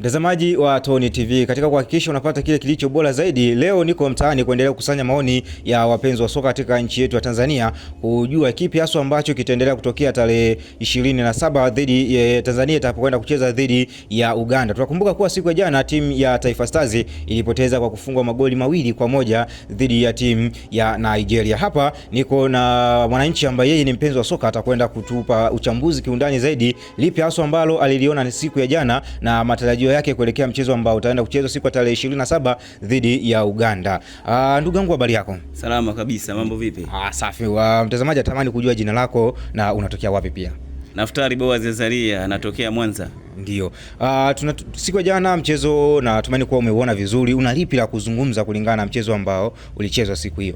Mtazamaji wa Tony TV, katika kuhakikisha unapata kile kilicho bora zaidi, leo niko mtaani kuendelea kukusanya maoni ya wapenzi wa soka katika nchi yetu ya Tanzania, kujua kipi haswa ambacho kitaendelea kutokea tarehe 27 dhidi ya Tanzania itakapokwenda kucheza dhidi ya Uganda. Tunakumbuka kuwa siku ya jana timu ya Taifa Stars ilipoteza kwa kufungwa magoli mawili kwa moja dhidi ya timu ya Nigeria. Hapa niko na mwananchi ambaye yeye ni mpenzi wa soka, atakwenda kutupa uchambuzi kiundani zaidi lipi haswa ambalo aliliona ni siku ya jana na matarajio matarajio yake kuelekea mchezo ambao utaenda kuchezwa siku ya tarehe 27 dhidi ya Uganda. Ah, ndugu yangu habari yako? Salama kabisa, mambo vipi? Ah, safi. Uh, mtazamaji atamani kujua jina lako na unatokea wapi pia? Naftari Boaz Zezaria anatokea Mwanza. Ndio. Uh, siku ya jana mchezo na natumaini kuwa umeuona vizuri. Una lipi la kuzungumza kulingana na mchezo ambao ulichezwa siku hiyo?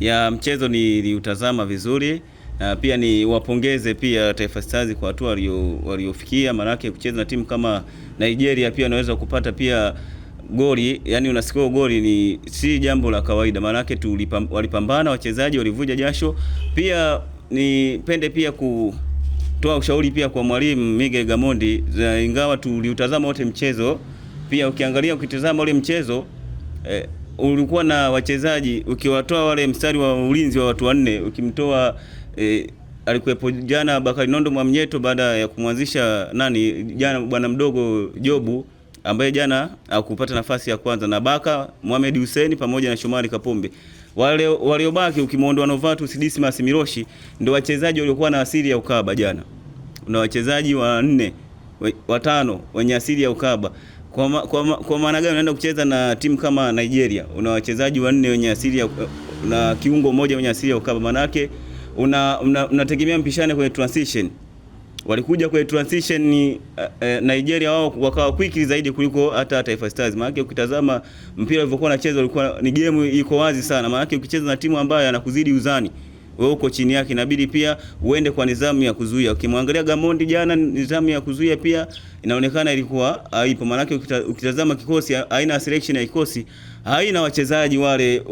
Ya mchezo niliutazama vizuri na pia ni wapongeze pia Taifa Stars kwa hatua waliofikia, maanake kucheza na timu kama Nigeria pia unaweza kupata pia goli yani, unasikia goli ni si jambo la kawaida, maanake walipambana, wachezaji walivuja jasho. Pia nipende pia kutoa ushauri pia kwa mwalimu Miguel Gamondi, ingawa tuliutazama wote mchezo, pia ukiangalia ukitazama ule mchezo eh, ulikuwa na wachezaji ukiwatoa wale mstari wa ulinzi wa watu wanne ukimtoa eh, alikuwepo jana Bakari Nondo Mwamnyeto baada ya kumwanzisha nani jana bwana mdogo Jobu ambaye jana akupata nafasi ya kwanza na Baka Mohamed Hussein pamoja na Shomari Kapombe. Wale waliobaki ukimwondoa Novatus Dismas Miroshi ndio wachezaji waliokuwa na asili ya ukaba jana. Na wachezaji wanne watano wenye asili ya ukaba. Kwa ma, kwa, ma, kwa maana gani unaenda kucheza na timu kama Nigeria? Una wachezaji wanne wenye asili ya na kiungo mmoja mwenye asili ya ukaba manake, unategemea una, una mpishane kwenye transition. Walikuja kwenye transition ni eh, eh, Nigeria wao wakawa quick zaidi kuliko hata Taifa Stars. Maana ukitazama mpira ulivyokuwa unachezwa ulikuwa ni game iko wazi sana. Maana ukicheza na timu ambayo anakuzidi uzani wewe uko chini yake, inabidi pia uende kwa nidhamu ya kuzuia. Ukimwangalia Gamondi jana, nidhamu ya kuzuia pia inaonekana ilikuwa haipo, Maana yake ukitazama kikosi, aina ya selection ya kikosi haina wachezaji wale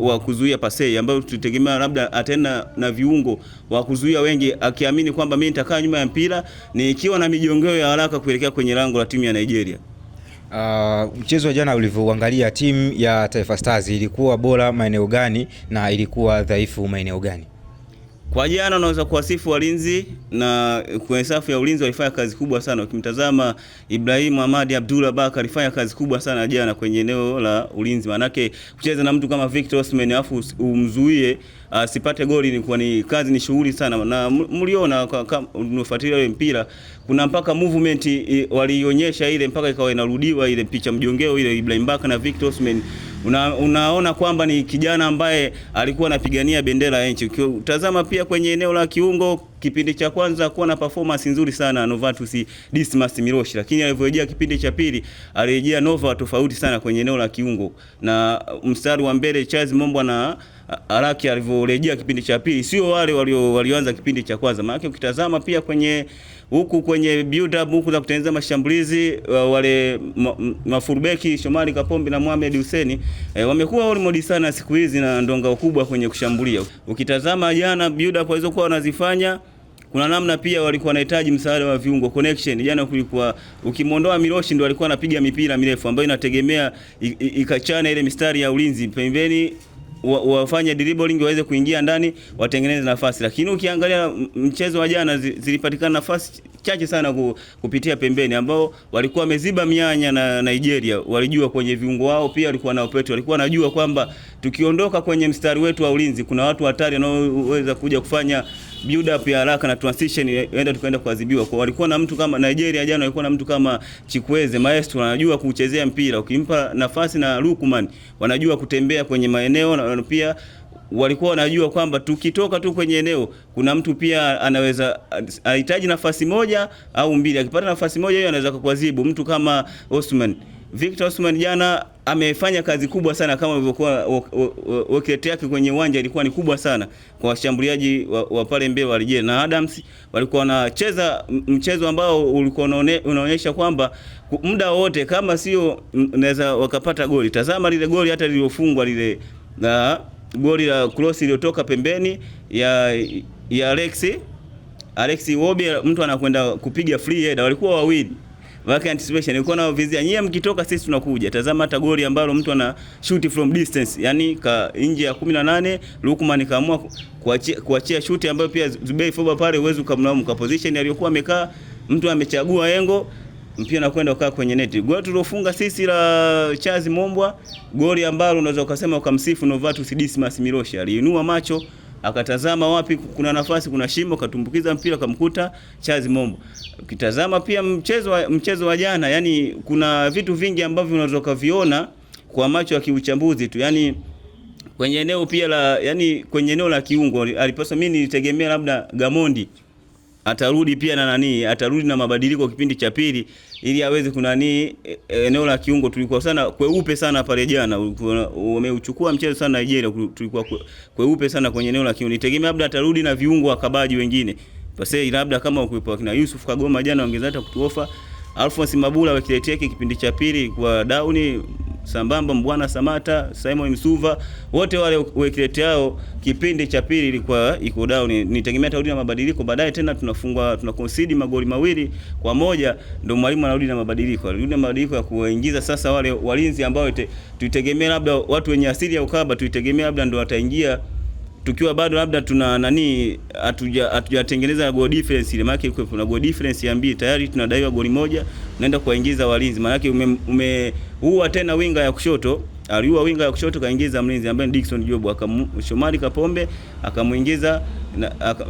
wa kuzuia pasei ambao tutegemea labda atena na viungo wa kuzuia wengi, akiamini kwamba mimi nitakaa nyuma ya mpira nikiwa na mijongeo ya haraka kuelekea kwenye lango la timu ya Nigeria. Uh, mchezo wa jana ulivyoangalia, timu ya Taifa Stars ilikuwa bora maeneo gani na ilikuwa dhaifu maeneo gani? Kwa jana unaweza kuwasifu walinzi na kwenye safu ya ulinzi walifanya kazi kubwa sana. Ukimtazama Ibrahim Ahmad Abdullah Baka alifanya kazi kubwa sana jana kwenye eneo la ulinzi. Manake kucheza na mtu kama Victor Osimhen afu umzuie ah, asipate goli ni kwa ni kazi ni shughuli sana. Na mliona unafuatilia ile mpira kuna mpaka movement walionyesha ile mpaka ikawa inarudiwa ile picha mjongeo ile Ibrahim Baka na Victor Osimhen una, unaona kwamba ni kijana ambaye alikuwa anapigania bendera ya nchi. Tazama pia kwenye eneo la kiungo kipindi cha kwanza kuwa na performance nzuri sana Novatus Dismas miroshi lakini alivyorejea kipindi cha pili alirejea Nova tofauti sana kwenye eneo la kiungo na mstari wa mbele Charles Mombo na Araki alivyorejea kipindi cha pili sio wale walio walioanza kipindi cha kwanza. Maana ukitazama pia kwenye huku kwenye build up huku za kutengeneza mashambulizi wale mafurubeki Shomari Kapombe na Mohamed Hussein e, wamekuwa role model sana siku hizi na ndonga kubwa kwenye kushambulia. Ukitazama jana build up walizokuwa wanazifanya kuna namna pia walikuwa wanahitaji msaada wa viungo connection. Jana kulikuwa ukimwondoa Miloshi ndo walikuwa wanapiga mipira mirefu ambayo inategemea ikachana ile mistari ya ulinzi pembeni wafanye dribbling waweze kuingia ndani watengeneze nafasi, lakini ukiangalia mchezo wa jana zilipatikana nafasi chache sana kupitia pembeni ambao walikuwa wameziba mianya na Nigeria. Walijua kwenye viungo wao pia walikuwa na upeti, walikuwa wanajua kwamba tukiondoka kwenye mstari wetu wa ulinzi kuna watu hatari wanaoweza kuja kufanya build up ya haraka na transition enda tukaenda kuadhibiwa. Kwa walikuwa na mtu kama Nigeria jana, walikuwa na mtu kama Chikweze Maestro, anajua kuchezea mpira, ukimpa nafasi na Lukman wanajua kutembea kwenye maeneo na pia walikuwa wanajua kwamba tukitoka tu kwenye eneo kuna mtu pia anaweza anahitaji nafasi moja au mbili. Akipata nafasi moja hiyo anaweza kukuadhibu mtu kama Osman Victor Osman jana amefanya kazi kubwa sana kama ilivyokuwa wakati yake kwenye uwanja ilikuwa ni kubwa sana kwa washambuliaji wa, wa pale Mbeya Warije na Adams walikuwa wanacheza mchezo ambao ulikuwa unaonyesha kwamba muda wote kama sio naweza wakapata goli. Tazama lile goli hata lililofungwa lile na goli la cross iliyotoka pembeni ya ya Alexi Alexi Wobi, mtu anakwenda kupiga free header, walikuwa wawili Vaka anticipation ilikuwa na vizia, nyie mkitoka sisi tunakuja. Tazama hata goli ambalo mtu ana shoot from distance, yani ka nje ya 18 Lukman kaamua kuachia kuachia shoot ambayo pia Zubei Foba pale uwezo kumlaumu kwa position aliyokuwa amekaa, mtu amechagua engo mpira na kwenda ukaa kwenye neti. Goli tulofunga sisi la Chazi Mombwa, goli ambalo unaweza ukasema ukamsifu Novatus Dismas Miloshi, aliinua macho akatazama wapi kuna nafasi, kuna shimo, akatumbukiza mpira akamkuta Chazi Mombo. Ukitazama pia mchezo wa, mchezo wa jana, yani kuna vitu vingi ambavyo unaweza kuviona kwa macho ya kiuchambuzi tu, yani kwenye eneo pia la yani kwenye eneo la kiungo alipaswa, mimi nilitegemea labda Gamondi atarudi pia na nani, atarudi na mabadiliko kipindi cha pili, ili aweze kunani. E, e, eneo la kiungo tulikuwa sana kweupe sana pale jana, umeuchukua mchezo sana Nigeria, tulikuwa kweupe sana kwenye eneo la kiungo. Nitegemea labda atarudi na viungo wakabaji wengine, basi labda kama ukipo kina Yusuf Kagoma jana wangeza hata kutuofa Alphonse Mabula wakiletea kipindi cha pili kwa down sambamba Mbwana Samata, Simon Msuva, wote wale wekilete yao kipindi cha pili ilikuwa iko down. Nitegemea tarudi na mabadiliko baadaye tena, tunafungwa tuna concede magoli mawili kwa moja, ndio mwalimu anarudi na mabadiliko, anarudi na mabadiliko ya kuingiza sasa wale walinzi ambao tuitegemea labda watu wenye asili ya ukaba, tuitegemea labda ndio wataingia tukiwa bado labda tuna nani, hatujatengeneza goal difference ile, maana kuna goal difference ya mbili tayari tunadaiwa goli moja unaenda kuwaingiza walinzi, maana maanake umeua tena winga ya kushoto aliua winga ya kushoto kaingiza mlinzi ambaye Dickson Job, akamshomari Kapombe akamuingiza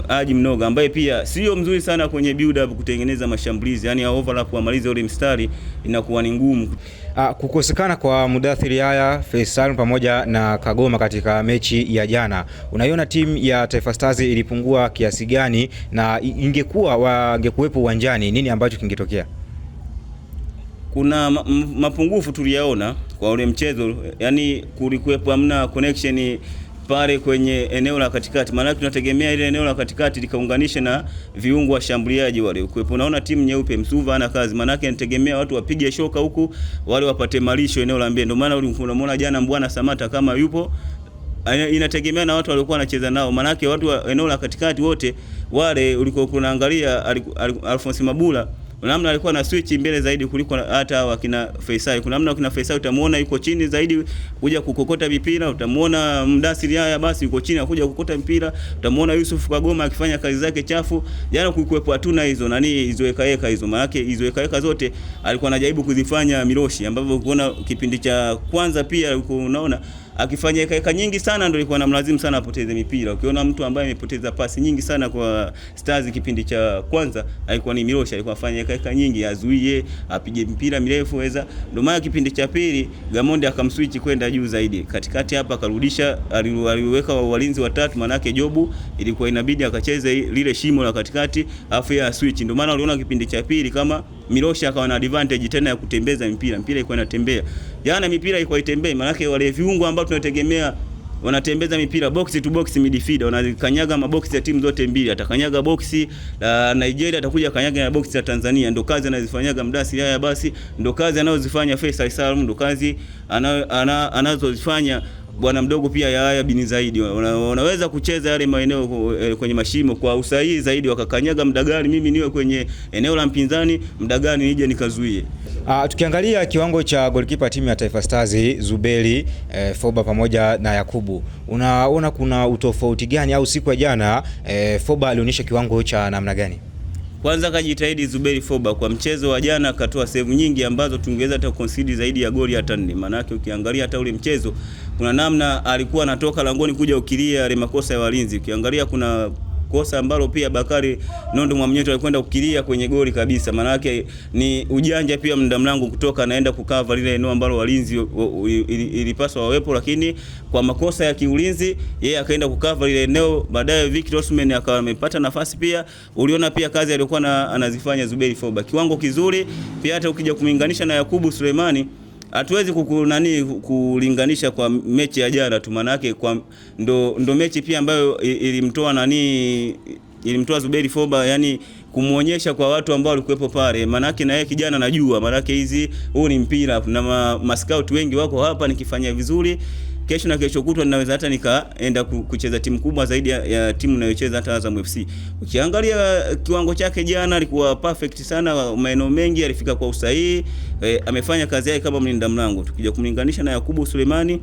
Haji Mnoga ambaye pia sio mzuri sana kwenye build up kutengeneza mashambulizi, yani overlap kuamaliza ule mstari inakuwa ni ngumu. Ah, kukosekana kwa Mudathiri Yahya, Faisal pamoja na Kagoma katika mechi ya jana, unaiona timu ya Taifa Stars ilipungua kiasi gani, na ingekuwa wangekuwepo uwanjani, nini ambacho kingetokea? kuna mapungufu tuliyaona kwa ule mchezo, yani kulikuwepo hamna connection pale kwenye eneo la katikati, maana tunategemea ile eneo la katikati likaunganishe na viungo washambuliaji wale Kuepo naona timu nyeupe Msuva ana kazi, maana yake nitegemea watu wapige shoka huku wale wapate malisho eneo la mbele. Ndio maana ulimuona jana Mbwana Samata kama yupo inategemea na watu waliokuwa wanacheza nao, maanake watu wa eneo la katikati wote wale ulikokuwa unaangalia Alphonce Mabula namna alikuwa na switch mbele zaidi kuliko hata wakina Faisal. Kuna namna wakina Faisal utamuona yuko chini zaidi kuja kukokota mipira, utamuona Mdasiri haya basi yuko chini akuja kukokota mpira, utamuona Yusuf Kagoma akifanya kazi zake chafu. Jana kulikuwepo hatuna hizo nani hizo eka hizo, maana yake hizo eka zote alikuwa anajaribu kuzifanya Miloshi, ambapo ukiona kipindi cha kwanza pia unaona akifanya ekaeka nyingi sana ndio ilikuwa namlazimu sana apoteze mipira. Ukiona mtu ambaye amepoteza pasi nyingi sana kwa Stars kipindi cha kwanza alikuwa ni Mirosha, alikuwa afanya ekaeka nyingi, azuie, apige mpira mirefu weza. Ndio maana kipindi cha pili Gamonde akamswitch kwenda juu zaidi. Katikati hapa akarudisha, aliweka walinzi watatu, manake Jobu ilikuwa inabidi akacheze lile shimo la katikati afu ya switch. Ndio maana uliona kipindi cha pili kama Milosha akawa na advantage tena ya kutembeza mpira, mpira ilikuwa inatembea. Jana mipira ilikuwa itembei, maana yake wale viungo ambao tunategemea wanatembeza mipira box to box midfielder, wanakanyaga maboksi ya timu zote mbili. Atakanyaga boksi la Nigeria, atakuja kanyaga na boksi ya Tanzania. Ndo kazi anazifanyaga Mdasi haya, basi ndo kazi anazozifanya Faisal Salum, ndo kazi anazozifanya bwana mdogo pia Yahya bin Zaidi wana, wanaweza kucheza yale maeneo eh, kwenye mashimo kwa usahihi zaidi, wakakanyaga muda gani mimi niwe kwenye eneo la mpinzani, muda gani nije nikazuie. Uh, tukiangalia kiwango cha goalkeeper timu ya Taifa Stars Zubeli eh, Foba pamoja na Yakubu, unaona kuna utofauti gani au siku ya jana eh, Foba alionyesha kiwango cha namna gani? Kwanza kajitahidi Zuberi Foba kwa mchezo wa jana, akatoa sehemu nyingi ambazo tungeweza hata concede zaidi ya goli hata nne. Maana yake ukiangalia hata ule mchezo kuna namna alikuwa anatoka langoni kuja ukilia yale makosa ya walinzi. Ukiangalia kuna kosa ambalo pia Bakari Nondo Mwamnyeto alikwenda kukilia kwenye goli kabisa. Maana yake ni ujanja pia mda mlango kutoka anaenda kukava lile eneo ambalo walinzi ilipaswa wawepo, lakini kwa makosa ya kiulinzi yeye akaenda kukava lile eneo. Baadaye Victor Osimhen akawa amepata nafasi pia, uliona pia kazi aliyokuwa anazifanya Zuberi Foba, kiwango kizuri pia, hata ukija kumlinganisha na Yakubu Suleimani hatuwezi kukunani kulinganisha kwa mechi ya jana tu, maana yake kwa ndo, ndo mechi pia ambayo ilimtoa nani ilimtoa Zuberi Foba, yani kumwonyesha kwa watu ambao walikuwepo pale, maanake na yeye kijana najua, maanake hizi huu ni mpira na ma, maskauti wengi wako hapa, nikifanya vizuri kesho na kesho kutwa ninaweza hata nikaenda kucheza timu kubwa zaidi ya, ya timu inayocheza hata Azam FC. Ukiangalia kiwango chake jana alikuwa perfect sana, maeneo mengi alifika kwa usahihi e, amefanya kazi yake kama mlinda mlango. Tukija kumlinganisha na Yakubu Sulemani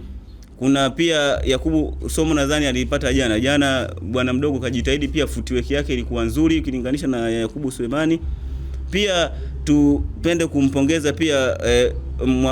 kuna pia Yakubu somo nadhani alipata jana jana, bwana mdogo kajitahidi pia, futiweki yake ilikuwa nzuri ukilinganisha na Yakubu Sulemani pia tupende kumpongeza pia e,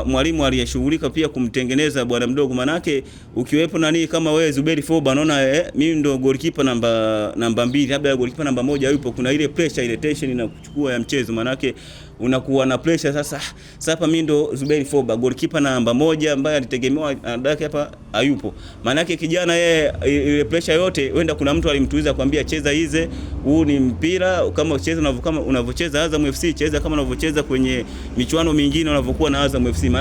mwalimu aliyeshughulika pia kumtengeneza bwana mdogo, manake ukiwepo nani kama wewe Zuberi Foba, naona eh, mimi ndo golikipa namba namba mbili, labda goalkeeper namba moja yupo, kuna ile pressure ile tension inakuchukua ya mchezo manake unakuwa na pressure sasa. Sasa hapa mimi ndo Zuberi Foba, goalkeeper namba moja ambaye alitegemewa dadake hapa hayupo. Maana yake kijana yeye ile pressure yote wenda kuna mtu alimtuiza kwambia cheza hize, huu ni mpira kama ucheza unavyo kama unavyocheza Azam FC, cheza kama unavyocheza kwenye michuano mingine unavyokuwa na Azam FC.